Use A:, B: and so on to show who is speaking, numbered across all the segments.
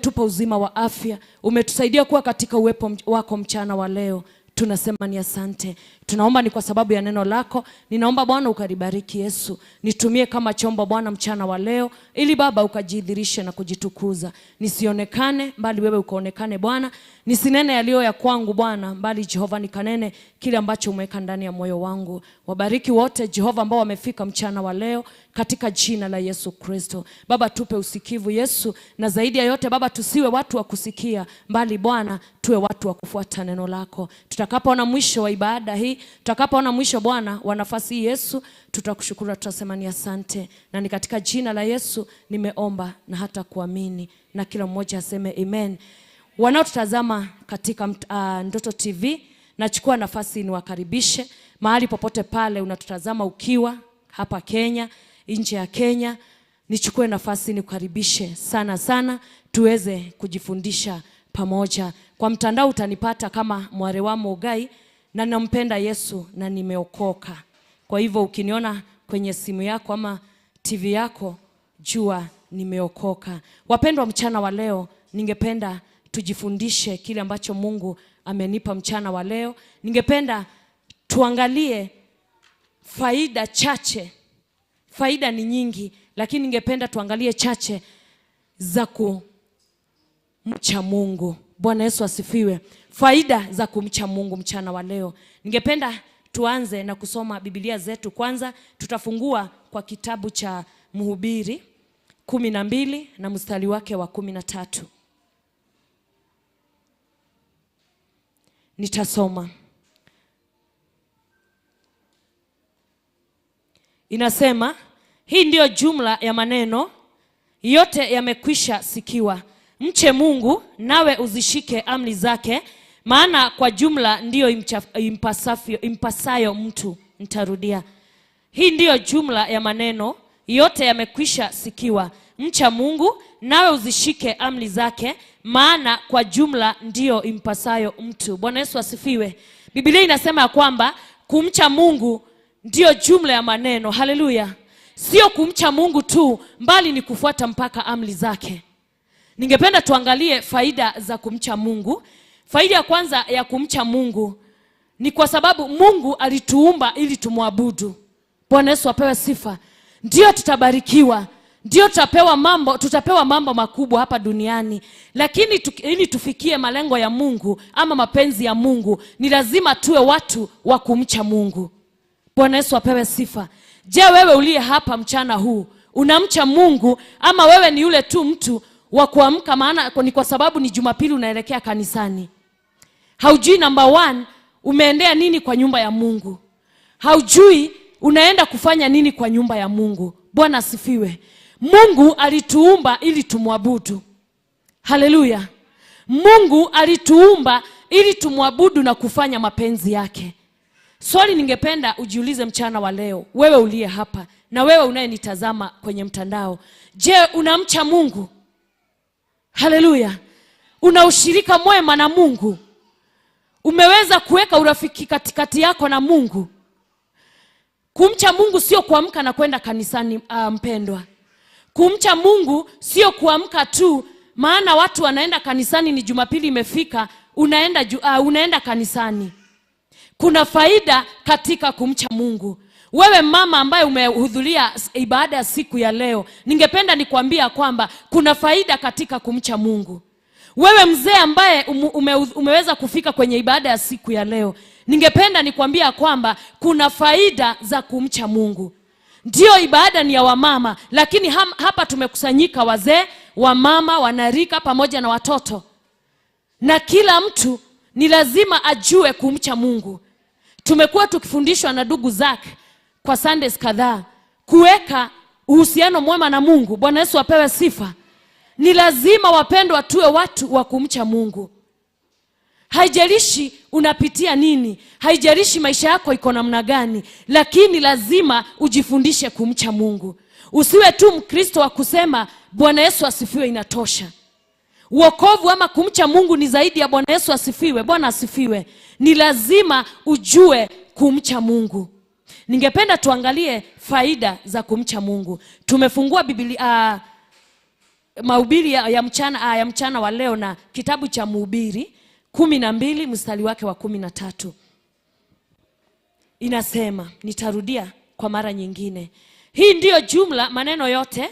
A: tupa uzima wa afya, umetusaidia kuwa katika uwepo wako mchana wa leo tunasema ni asante. Tunaomba ni kwa sababu ya neno lako. Ninaomba Bwana ukaribariki Yesu, nitumie kama chombo Bwana mchana wa leo, ili Baba ukajidhirishe na kujitukuza, nisionekane bali wewe ukaonekane Bwana, nisinene yaliyo ya kwangu Bwana, bali Jehova nikanene kile ambacho umeweka ndani ya moyo wangu. Wabariki wote Jehova ambao wamefika mchana wa leo, katika jina la Yesu Kristo. Baba tupe usikivu Yesu, na zaidi ya yote Baba tusiwe watu wa kusikia, bali Bwana tuwe watu wa kufuata neno lako Tuta tutakapoona mwisho wa ibada hii, tutakapoona mwisho Bwana wa nafasi hii, Yesu, tutakushukuru, tutasema ni asante, na ni katika jina la Yesu nimeomba na hata kuamini, na kila mmoja aseme amen. Wanaotutazama katika uh, Ndoto TV, nachukua nafasi niwakaribishe mahali popote pale unatutazama ukiwa hapa Kenya, nje ya Kenya, nichukue nafasi nikukaribishe sana sana, tuweze kujifundisha pamoja. Kwa mtandao utanipata kama Mwarewamo Ugai, na nampenda Yesu na nimeokoka. Kwa hivyo ukiniona kwenye simu yako ama TV yako, jua nimeokoka. Wapendwa, mchana wa leo ningependa tujifundishe kile ambacho Mungu amenipa mchana wa leo. Ningependa tuangalie faida chache. Faida ni nyingi, lakini ningependa tuangalie chache za kumcha Mungu. Bwana Yesu asifiwe. Faida za kumcha Mungu mchana wa leo. Ningependa tuanze na kusoma Biblia zetu kwanza. Tutafungua kwa kitabu cha Mhubiri kumi na mbili na mstari wake wa kumi na tatu. Nitasoma. Inasema, hii ndiyo jumla ya maneno yote yamekwisha sikiwa mche Mungu nawe uzishike amri zake, maana kwa jumla ndiyo impasavyo, impasayo mtu. Nitarudia, hii ndiyo jumla ya maneno yote yamekwisha sikiwa, mcha Mungu nawe uzishike amri zake, maana kwa jumla ndiyo impasayo mtu. Bwana Yesu asifiwe. Biblia inasema ya kwamba kumcha Mungu ndiyo jumla ya maneno. Haleluya! Sio kumcha Mungu tu, mbali ni kufuata mpaka amri zake. Ningependa tuangalie faida za kumcha Mungu. Faida ya kwanza ya kumcha Mungu ni kwa sababu Mungu alituumba ili tumwabudu. Bwana Yesu apewe sifa. Ndio tutabarikiwa, ndio tutapewa mambo, tutapewa mambo makubwa hapa duniani, lakini tu, ili tufikie malengo ya Mungu ama mapenzi ya Mungu ni lazima tuwe watu wa kumcha Mungu. Bwana Yesu apewe sifa. Je, wewe uliye hapa mchana huu unamcha Mungu ama wewe ni yule tu mtu wa kuamka, maana ni kwa sababu ni Jumapili unaelekea kanisani. Haujui number one, umeendea nini kwa nyumba ya Mungu. Haujui unaenda kufanya nini kwa nyumba ya Mungu. Bwana asifiwe. Mungu alituumba ili tumwabudu. Haleluya. Mungu alituumba ili tumwabudu na kufanya mapenzi yake. Swali ningependa ujiulize mchana wa leo, wewe uliye hapa na wewe unayenitazama kwenye mtandao. Je, unamcha Mungu? Haleluya! Una ushirika mwema na Mungu, umeweza kuweka urafiki katikati yako na Mungu. Kumcha Mungu sio kuamka na kwenda kanisani, uh, mpendwa. kumcha Mungu sio kuamka tu, maana watu wanaenda kanisani, ni Jumapili imefika, unaenda, uh, unaenda kanisani. Kuna faida katika kumcha Mungu. Wewe mama ambaye umehudhuria ibada ya siku ya leo, ningependa nikwambia kwamba kuna faida katika kumcha Mungu. Wewe mzee ambaye ume, umeweza kufika kwenye ibada ya siku ya leo, ningependa nikwambia kwamba kuna faida za kumcha Mungu. Ndiyo, ibada ni ya wamama, lakini ham, hapa tumekusanyika wazee, wamama, wanarika pamoja na watoto, na kila mtu ni lazima ajue kumcha Mungu. Tumekuwa tukifundishwa na ndugu zake kwa Sundays kadhaa kuweka uhusiano mwema na Mungu. Bwana Yesu apewe sifa. Ni lazima wapendwa, tuwe watu wa kumcha Mungu. Haijalishi unapitia nini, haijalishi maisha yako iko namna gani, lakini lazima ujifundishe kumcha Mungu. Usiwe tu Mkristo wa kusema Bwana Yesu asifiwe, inatosha. Wokovu ama kumcha Mungu ni zaidi ya Bwana Yesu asifiwe. Bwana asifiwe, ni lazima ujue kumcha Mungu. Ningependa tuangalie faida za kumcha Mungu. Tumefungua Biblia uh, mahubiri ya, ya mchana uh, ya mchana wa leo na kitabu cha Mhubiri kumi na mbili mstari wake wa kumi na tatu inasema, nitarudia kwa mara nyingine, hii ndiyo jumla maneno yote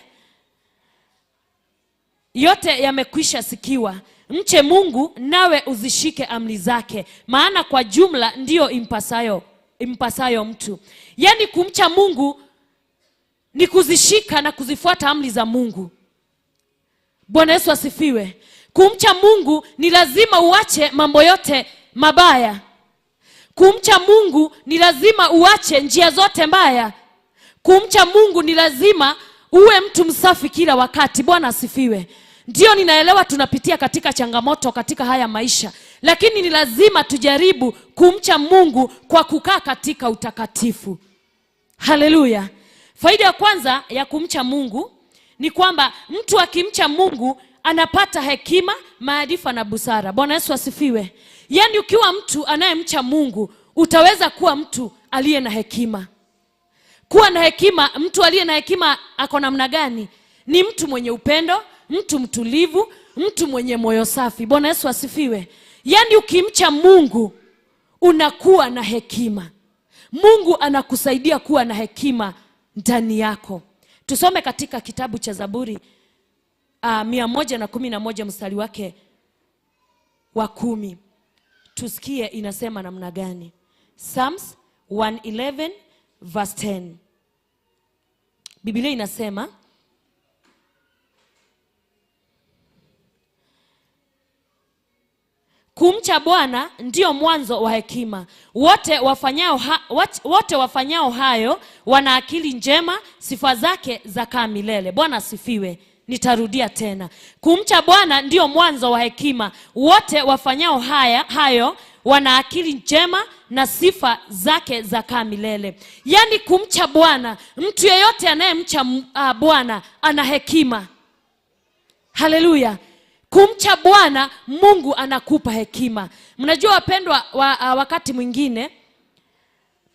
A: yote yamekwisha sikiwa. Mche Mungu nawe uzishike amri zake, maana kwa jumla ndiyo impasayo impasayo mtu. Yaani kumcha Mungu ni kuzishika na kuzifuata amri za Mungu. Bwana Yesu asifiwe. Kumcha Mungu ni lazima uache mambo yote mabaya. Kumcha Mungu ni lazima uache njia zote mbaya. Kumcha Mungu ni lazima uwe mtu msafi kila wakati. Bwana asifiwe. Ndio, ninaelewa tunapitia katika changamoto katika haya maisha lakini ni lazima tujaribu kumcha Mungu kwa kukaa katika utakatifu. Haleluya! Faida ya kwanza ya kumcha Mungu ni kwamba mtu akimcha Mungu anapata hekima, maarifa na busara. Bwana Yesu asifiwe. Yaani, ukiwa mtu anayemcha Mungu utaweza kuwa mtu aliye na hekima. Kuwa na hekima, mtu aliye na hekima ako namna gani? Ni mtu mwenye upendo, mtu mtulivu, mtu mwenye moyo safi. Bwana Yesu asifiwe. Yaani ukimcha Mungu unakuwa na hekima. Mungu anakusaidia kuwa na hekima ndani yako. Tusome katika kitabu cha Zaburi uh, mia moja na kumi na moja mstari wake wa kumi tusikie inasema namna gani. Psalms 111 verse 10 Biblia inasema Kumcha Bwana ndio mwanzo wa hekima. Wote wafanyao, ha, wote wafanyao hayo wana akili njema, sifa zake za kaa milele. Bwana asifiwe. Nitarudia tena, kumcha Bwana ndio mwanzo wa hekima. Wote wafanyao haya, hayo wana akili njema na sifa zake za kaa milele. Yaani kumcha Bwana, mtu yeyote anayemcha uh, Bwana ana hekima. Haleluya! Kumcha Bwana Mungu anakupa hekima. Mnajua wapendwa, wa, a, uh, wakati mwingine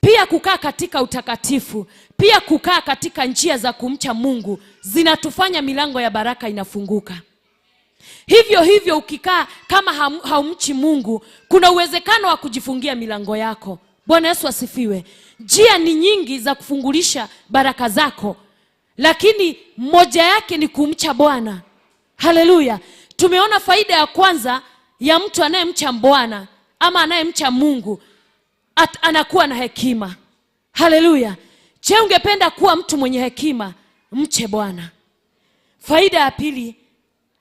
A: pia kukaa katika utakatifu, pia kukaa katika njia za kumcha Mungu zinatufanya milango ya baraka inafunguka. Hivyo hivyo ukikaa kama haumchi Mungu, kuna uwezekano wa kujifungia milango yako. Bwana Yesu asifiwe. Njia ni nyingi za kufungulisha baraka zako, lakini moja yake ni kumcha Bwana. Haleluya. Tumeona faida ya kwanza ya mtu anayemcha Bwana ama anayemcha Mungu at, anakuwa na hekima. Haleluya! Je, ungependa kuwa mtu mwenye hekima? Mche Bwana. Faida ya pili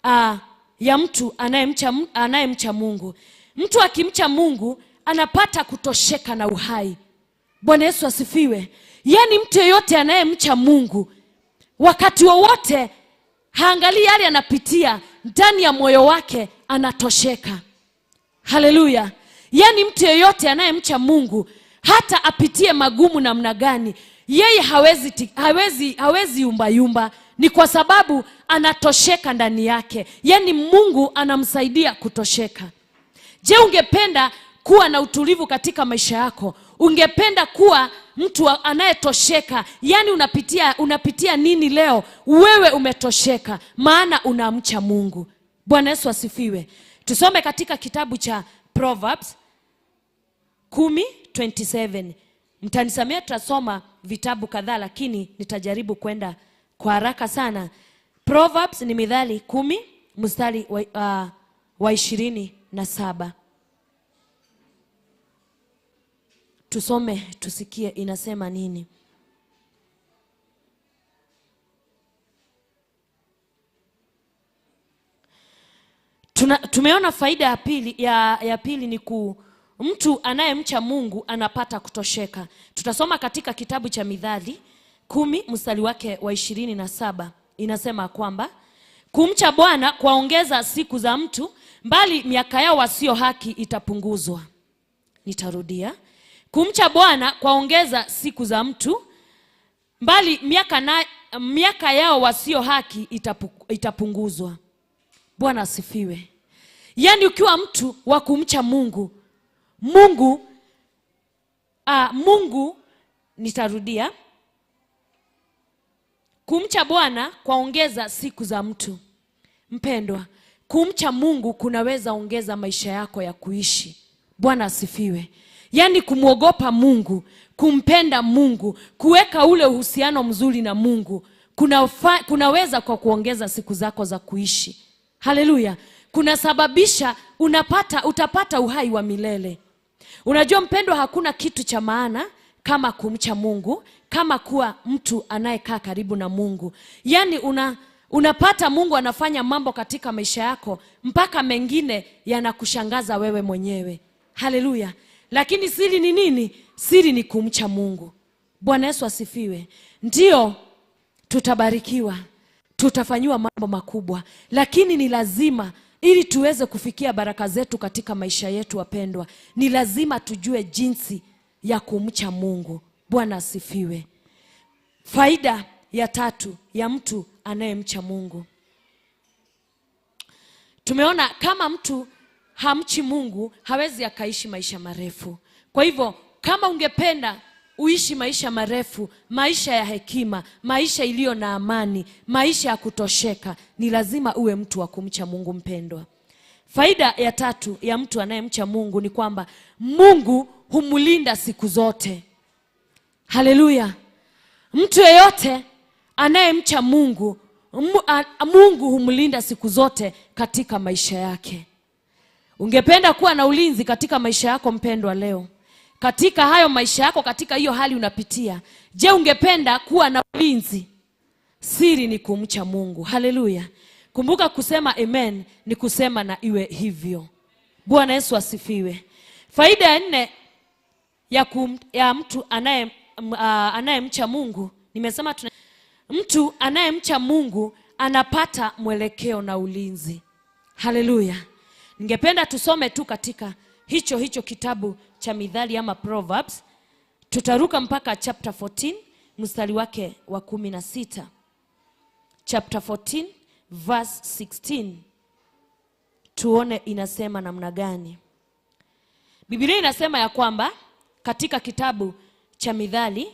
A: uh, ya mtu anayemcha anayemcha Mungu, mtu akimcha Mungu anapata kutosheka na uhai. Bwana Yesu asifiwe. Yaani mtu yeyote anayemcha Mungu wakati wowote haangalii yale anapitia, ndani ya moyo wake anatosheka. Haleluya! Yaani mtu yeyote anayemcha Mungu hata apitie magumu namna gani, yeye hawezi, hawezi, hawezi yumbayumba. Ni kwa sababu anatosheka ndani yake, yaani Mungu anamsaidia kutosheka. Je, ungependa kuwa na utulivu katika maisha yako? Ungependa kuwa mtu anayetosheka. yani unapitia, unapitia nini leo? Wewe umetosheka, maana unamcha Mungu. Bwana Yesu asifiwe. Tusome katika kitabu cha Proverbs 10:27. Mtanisamia, tutasoma vitabu kadhaa, lakini nitajaribu kwenda kwa haraka sana. Proverbs ni midhali kumi mstari wa uh, ishirini uh, na saba. Tusome tusikie inasema nini. Tuna, tumeona faida ya pili, ya, ya pili ni ku mtu anayemcha Mungu anapata kutosheka. Tutasoma katika kitabu cha Midhali kumi mstari wake wa ishirini na saba inasema kwamba kumcha Bwana kwaongeza siku za mtu, mbali miaka yao wasio haki itapunguzwa. Nitarudia, Kumcha Bwana kwaongeza siku za mtu, mbali miaka, na, miaka yao wasio haki itapu, itapunguzwa. Bwana asifiwe. Yaani ukiwa mtu wa kumcha Mungu Mungu a, Mungu nitarudia kumcha Bwana kwaongeza siku za mtu. Mpendwa, kumcha Mungu kunaweza ongeza maisha yako ya kuishi. Bwana asifiwe yaani kumwogopa Mungu, kumpenda Mungu, kuweka ule uhusiano mzuri na Mungu kunafa, kunaweza kwa kuongeza siku zako za kuishi. Haleluya, kunasababisha unapata, utapata uhai wa milele. Unajua mpendwa, hakuna kitu cha maana kama kumcha Mungu, kama kuwa mtu anayekaa karibu na Mungu. Yaani una unapata Mungu anafanya mambo katika maisha yako mpaka mengine yanakushangaza wewe mwenyewe. Haleluya. Lakini siri ni nini? Siri ni kumcha Mungu. Bwana Yesu asifiwe. ndio tutabarikiwa, tutafanyiwa mambo makubwa, lakini ni lazima ili tuweze kufikia baraka zetu katika maisha yetu, wapendwa, ni lazima tujue jinsi ya kumcha Mungu. Bwana asifiwe. Faida ya tatu ya mtu anayemcha Mungu, tumeona kama mtu hamchi Mungu hawezi akaishi maisha marefu. Kwa hivyo kama ungependa uishi maisha marefu, maisha ya hekima, maisha iliyo na amani, maisha ya kutosheka, ni lazima uwe mtu wa kumcha Mungu. Mpendwa, faida ya tatu ya mtu anayemcha Mungu ni kwamba Mungu humulinda siku zote. Haleluya! Mtu yeyote anayemcha Mungu, Mungu humlinda siku zote katika maisha yake. Ungependa kuwa na ulinzi katika maisha yako mpendwa, leo katika hayo maisha yako, katika hiyo hali unapitia. Je, ungependa kuwa na ulinzi? Siri ni kumcha Mungu. Haleluya! Kumbuka kusema amen ni kusema na iwe hivyo. Bwana Yesu asifiwe. Faida ya nne ya, kum, ya mtu anaye anayemcha Mungu, nimesema tuna mtu anayemcha Mungu anapata mwelekeo na ulinzi. Haleluya! Ningependa tusome tu katika hicho hicho kitabu cha midhali ama Proverbs. Tutaruka mpaka chapter 14 mstari wake wa kumi na sita. Chapter 14 verse 16, tuone inasema namna gani. Biblia inasema ya kwamba katika kitabu cha midhali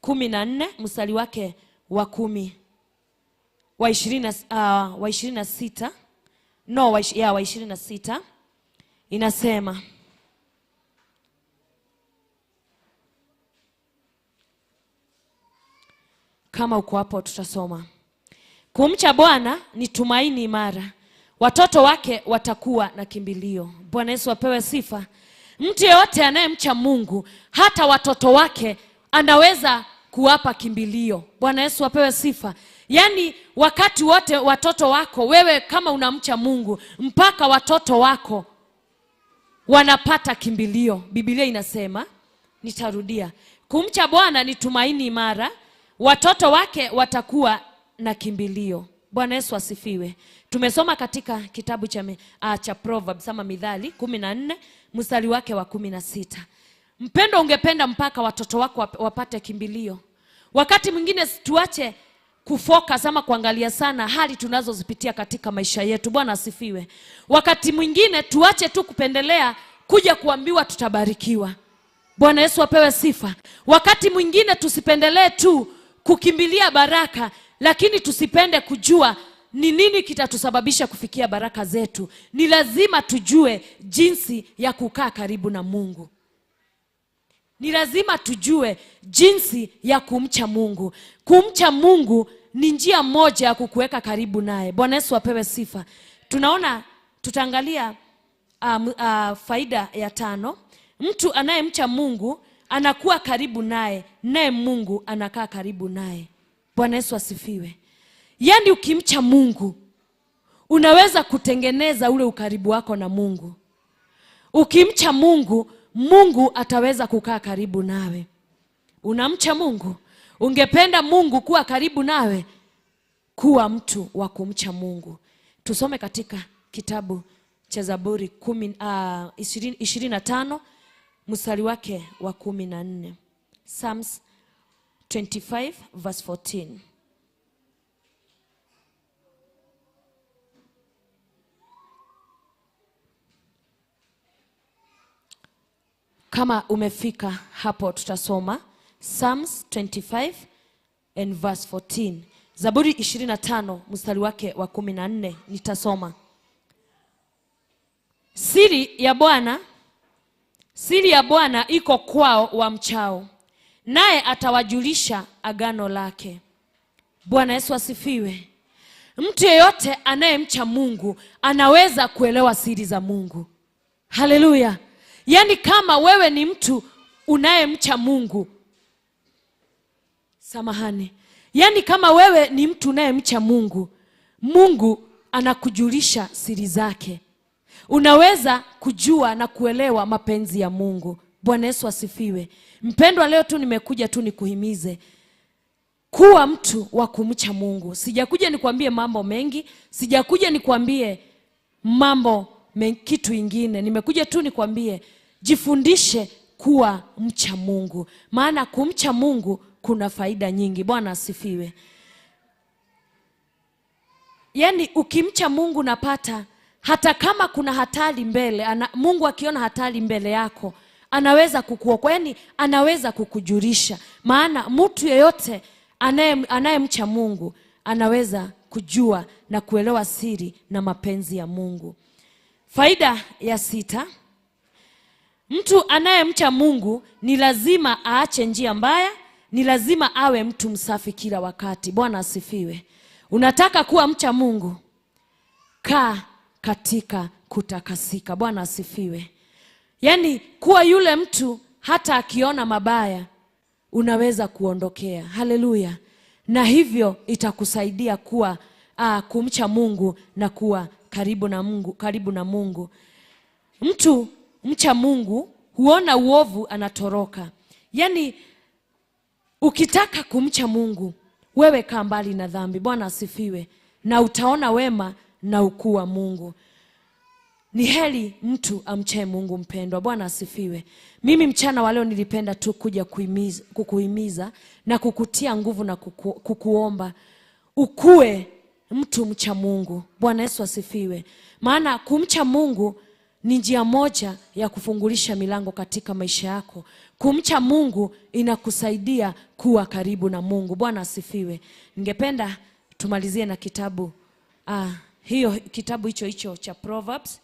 A: kumi na nne mstari wake wa kumi wa ishirini na uh, sita no ya, wa ishirini na sita inasema kama uko hapo tutasoma. Kumcha Bwana ni tumaini imara, watoto wake watakuwa na kimbilio. Bwana Yesu apewe sifa. Mtu yeyote anayemcha Mungu hata watoto wake anaweza kuwapa kimbilio. Bwana Yesu apewe sifa. Yaani wakati wote watoto wako, wewe kama unamcha Mungu, mpaka watoto wako wanapata kimbilio. Biblia inasema, nitarudia, kumcha Bwana ni tumaini imara, watoto wake watakuwa na kimbilio. Bwana Yesu asifiwe. Tumesoma katika kitabu cha, uh, cha Proverbs ama midhali kumi na nne mstari wake wa kumi na sita. Mpendo, ungependa mpaka watoto wako wapate kimbilio. Wakati mwingine tuache kufocus ama kuangalia sana hali tunazozipitia katika maisha yetu. Bwana asifiwe. Wakati mwingine tuache tu kupendelea kuja kuambiwa tutabarikiwa. Bwana Yesu apewe sifa. Wakati mwingine tusipendelee tu kukimbilia baraka, lakini tusipende kujua ni nini kitatusababisha kufikia baraka zetu. Ni lazima tujue jinsi ya kukaa karibu na Mungu ni lazima tujue jinsi ya kumcha Mungu. Kumcha Mungu ni njia moja ya kukuweka karibu naye. Bwana Yesu apewe sifa. Tunaona tutaangalia um, uh, faida ya tano. Mtu anayemcha Mungu anakuwa karibu naye, naye Mungu anakaa karibu naye. Bwana Yesu asifiwe. Yaani, ukimcha Mungu unaweza kutengeneza ule ukaribu wako na Mungu. Ukimcha Mungu Mungu ataweza kukaa karibu nawe. Unamcha Mungu? Ungependa Mungu kuwa karibu nawe? Kuwa mtu wa kumcha Mungu. Tusome katika kitabu cha Zaburi ah, ishirini na tano mstari wake wa kumi na nne Psalms 25 verse 14. Kama umefika hapo, tutasoma Psalms 25 and verse 14. Zaburi 25 mstari wake wa 14 nitasoma. Siri ya Bwana, siri ya Bwana iko kwao wa mchao naye atawajulisha agano lake. Bwana Yesu asifiwe. Mtu yeyote anayemcha Mungu anaweza kuelewa siri za Mungu. Haleluya. Yaani kama wewe ni mtu unayemcha Mungu, samahani, yaani kama wewe ni mtu unayemcha Mungu, Mungu anakujulisha siri zake, unaweza kujua na kuelewa mapenzi ya Mungu. Bwana Yesu asifiwe. Mpendwa, leo tu nimekuja tu nikuhimize kuwa mtu wa kumcha Mungu. Sijakuja nikuambie mambo mengi, sijakuja nikuambie mambo kitu ingine, nimekuja tu nikwambie jifundishe kuwa mcha Mungu, maana kumcha Mungu kuna faida nyingi. Bwana asifiwe. Yaani ukimcha Mungu napata hata kama kuna hatari mbele ana, Mungu akiona hatari mbele yako anaweza kukuokoa, yaani anaweza kukujulisha. Maana mtu yeyote anayemcha Mungu anaweza kujua na kuelewa siri na mapenzi ya Mungu. Faida ya sita Mtu anayemcha Mungu ni lazima aache njia mbaya, ni lazima awe mtu msafi kila wakati. Bwana asifiwe. Unataka kuwa mcha Mungu, kaa katika kutakasika. Bwana asifiwe. Yaani kuwa yule mtu hata akiona mabaya unaweza kuondokea. Haleluya! Na hivyo itakusaidia kuwa aa, kumcha Mungu na kuwa karibu na Mungu, karibu na Mungu mtu mcha Mungu huona uovu anatoroka. Yaani ukitaka kumcha Mungu wewe kaa mbali na dhambi. Bwana asifiwe. Na utaona wema na ukuu wa Mungu. Ni heri mtu amchaye Mungu. Mpendwa, Bwana asifiwe. Mimi mchana wa leo nilipenda tu kuja kuimiza, kukuhimiza na kukutia nguvu na kuku, kukuomba ukue mtu mcha Mungu. Bwana Yesu asifiwe, maana kumcha Mungu ni njia moja ya kufungulisha milango katika maisha yako. Kumcha Mungu inakusaidia kuwa karibu na Mungu. Bwana asifiwe. Ningependa tumalizie na kitabu ah, hiyo kitabu hicho hicho cha Proverbs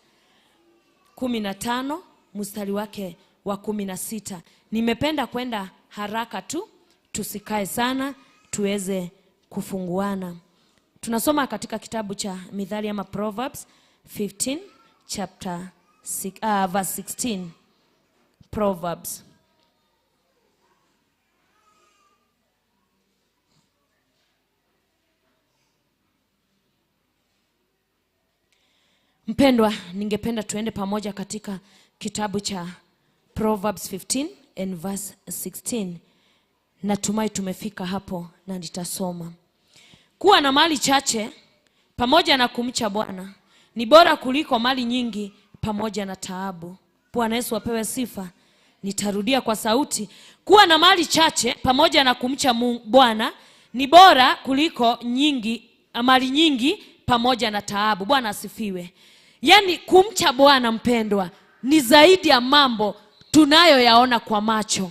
A: 15 mstari wake wa kumi na sita. Nimependa kwenda haraka tu, tusikae sana, tuweze kufunguana. Tunasoma katika kitabu cha Mithali ama Proverbs 15 chapter six, uh, verse 16, Proverbs. Mpendwa, ningependa tuende pamoja katika kitabu cha Proverbs 15 and verse 16. Natumai tumefika hapo na nitasoma. Kuwa na mali chache pamoja na kumcha Bwana ni bora kuliko mali nyingi pamoja na taabu. Bwana Yesu apewe sifa. Nitarudia kwa sauti, kuwa na mali chache pamoja na kumcha Bwana ni bora kuliko nyingi, mali nyingi pamoja na taabu. Bwana asifiwe. Yaani kumcha Bwana mpendwa, ni zaidi ya mambo tunayoyaona kwa macho,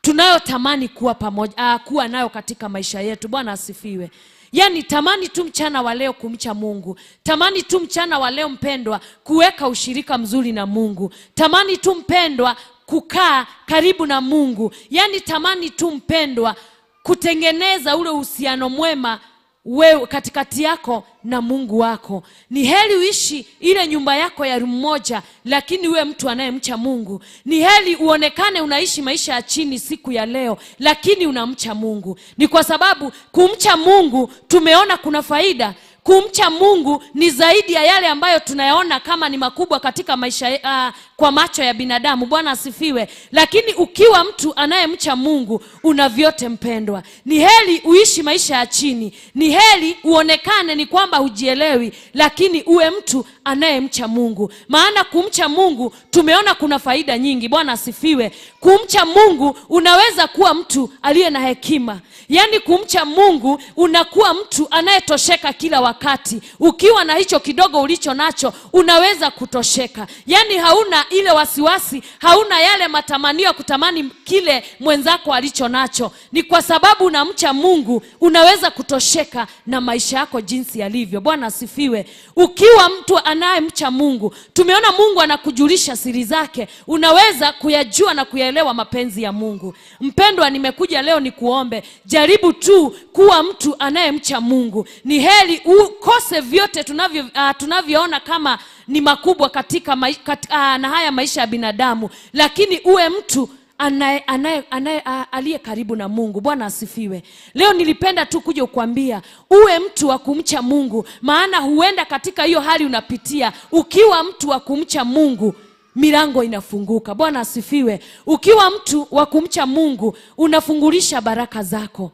A: tunayotamani kuwa pamoja, ah, kuwa nayo katika maisha yetu. Bwana asifiwe. Yaani, tamani tu mchana wa leo kumcha Mungu, tamani tu mchana wa leo mpendwa, kuweka ushirika mzuri na Mungu, tamani tu mpendwa, kukaa karibu na Mungu, yaani tamani tu mpendwa, kutengeneza ule uhusiano mwema wewe katikati yako na Mungu wako. Ni heli uishi ile nyumba yako ya rumu moja, lakini uwe mtu anayemcha Mungu. Ni heli uonekane unaishi maisha ya chini siku ya leo, lakini unamcha Mungu. Ni kwa sababu kumcha Mungu tumeona kuna faida kumcha Mungu ni zaidi ya yale ambayo tunayaona kama ni makubwa katika maisha uh, kwa macho ya binadamu. Bwana asifiwe. Lakini ukiwa mtu anayemcha Mungu una vyote, mpendwa. Ni heli uishi maisha ya chini, ni heli uonekane ni kwamba hujielewi, lakini uwe mtu anayemcha Mungu. Maana kumcha Mungu tumeona kuna faida nyingi. Bwana asifiwe. Kumcha Mungu unaweza kuwa mtu aliye na hekima, yaani kumcha Mungu unakuwa mtu anayetosheka kila wakati. Ukiwa na hicho kidogo ulicho nacho unaweza kutosheka, yaani hauna ile wasiwasi, hauna yale matamanio ya kutamani kile mwenzako alicho nacho. Ni kwa sababu unamcha Mungu unaweza kutosheka na maisha yako jinsi yalivyo. Bwana asifiwe. Ukiwa mtu anayemcha Mungu. Tumeona Mungu anakujulisha siri zake, unaweza kuyajua na kuyaelewa mapenzi ya Mungu. Mpendwa, nimekuja leo nikuombe, jaribu tu kuwa mtu anayemcha Mungu. Ni heli ukose vyote tunavyo uh, tunavyoona kama ni makubwa katika, katika uh, na haya maisha ya binadamu, lakini uwe mtu anaye, anaye, aliye karibu na Mungu. Bwana asifiwe. Leo nilipenda tu kuja kukwambia uwe mtu wa kumcha Mungu, maana huenda katika hiyo hali unapitia, ukiwa mtu wa kumcha Mungu milango inafunguka. Bwana asifiwe. Ukiwa mtu wa kumcha Mungu unafungulisha baraka zako.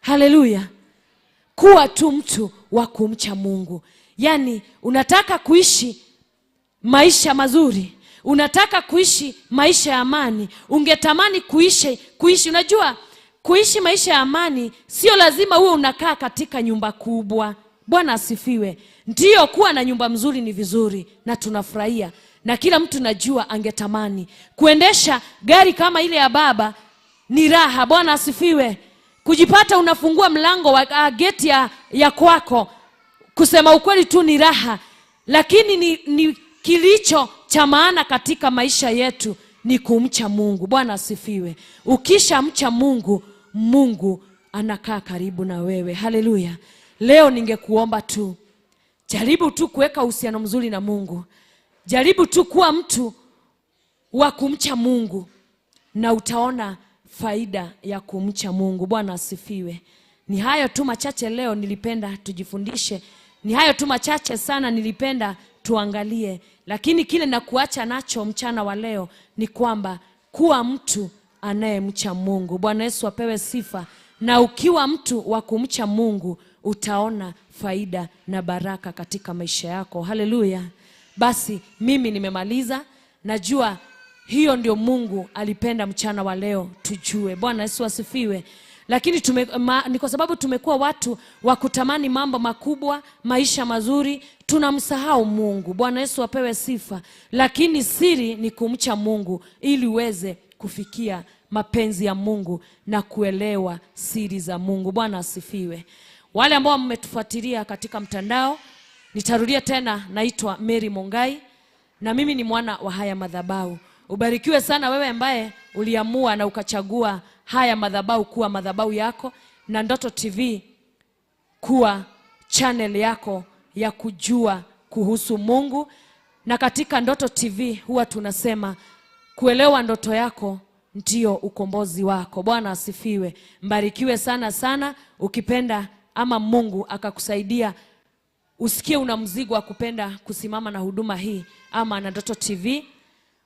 A: Haleluya! Kuwa tu mtu wa kumcha Mungu. Yaani, unataka kuishi maisha mazuri unataka kuishi maisha ya amani, ungetamani kuishi kuishi. Unajua, kuishi maisha ya amani sio lazima uwe unakaa katika nyumba kubwa. Bwana asifiwe. Ndiyo, kuwa na nyumba mzuri ni vizuri na tunafurahia, na kila mtu najua angetamani kuendesha gari kama ile ya baba, ni raha. Bwana asifiwe. Kujipata unafungua mlango wa uh, geti ya, ya kwako, kusema ukweli tu ni raha, lakini ni, ni kilicho cha maana katika maisha yetu ni kumcha Mungu. Bwana asifiwe. Ukishamcha Mungu, Mungu anakaa karibu na wewe. Haleluya! Leo ningekuomba tu, jaribu tu kuweka uhusiano mzuri na Mungu, jaribu tu kuwa mtu wa kumcha Mungu na utaona faida ya kumcha Mungu. Bwana asifiwe. Ni hayo tu machache leo nilipenda tujifundishe. Ni hayo tu machache sana nilipenda tuangalie, lakini kile nakuacha nacho mchana wa leo ni kwamba kuwa mtu anayemcha Mungu. Bwana Yesu apewe sifa. Na ukiwa mtu wa kumcha Mungu utaona faida na baraka katika maisha yako. Haleluya! Basi mimi nimemaliza, najua hiyo ndio Mungu alipenda mchana wa leo tujue. Bwana Yesu asifiwe lakini tume, ma, ni kwa sababu tumekuwa watu wa kutamani mambo makubwa, maisha mazuri, tunamsahau Mungu. Bwana Yesu apewe sifa. Lakini siri ni kumcha Mungu ili uweze kufikia mapenzi ya Mungu na kuelewa siri za Mungu. Bwana asifiwe. Wale ambao mmetufuatilia katika mtandao, nitarudia tena, naitwa Mary Mongai na mimi ni mwana wa haya madhabahu. Ubarikiwe sana wewe ambaye uliamua na ukachagua haya madhabau kuwa madhabau yako na Ndoto TV kuwa channel yako ya kujua kuhusu Mungu. Na katika Ndoto TV huwa tunasema kuelewa ndoto yako ndio ukombozi wako. Bwana asifiwe, mbarikiwe sana sana. Ukipenda ama Mungu akakusaidia usikie una mzigo wa kupenda kusimama na huduma hii ama na Ndoto TV,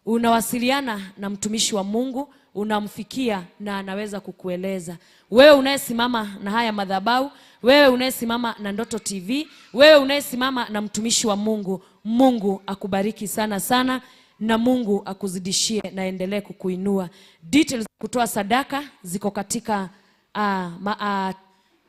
A: unawasiliana na mtumishi wa Mungu unamfikia na anaweza kukueleza wewe unayesimama na haya madhabau wewe unayesimama na Ndoto TV, wewe unayesimama na mtumishi wa Mungu. Mungu akubariki sana sana, na Mungu akuzidishie na endelee kukuinua. Details za kutoa sadaka ziko katika uh, ma, uh,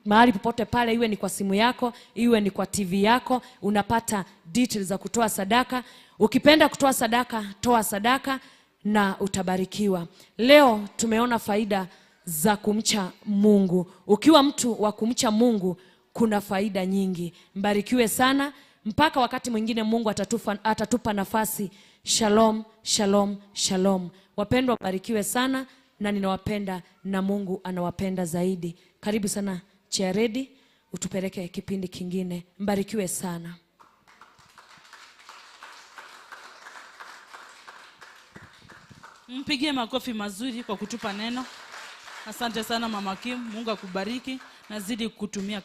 A: mahali popote pale, iwe ni kwa simu yako, iwe ni kwa TV yako, unapata details za kutoa sadaka. Ukipenda kutoa sadaka, toa sadaka na utabarikiwa. Leo tumeona faida za kumcha Mungu. Ukiwa mtu wa kumcha Mungu, kuna faida nyingi. Mbarikiwe sana, mpaka wakati mwingine Mungu atatufa, atatupa nafasi. Shalom, shalom, shalom. Wapendwa, barikiwe sana, na ninawapenda na Mungu anawapenda zaidi. Karibu sana Chiaredi, utupeleke kipindi kingine. Mbarikiwe sana. Mpigie makofi mazuri kwa kutupa neno. Asante sana Mama Kim, Mungu akubariki, nazidi kutumia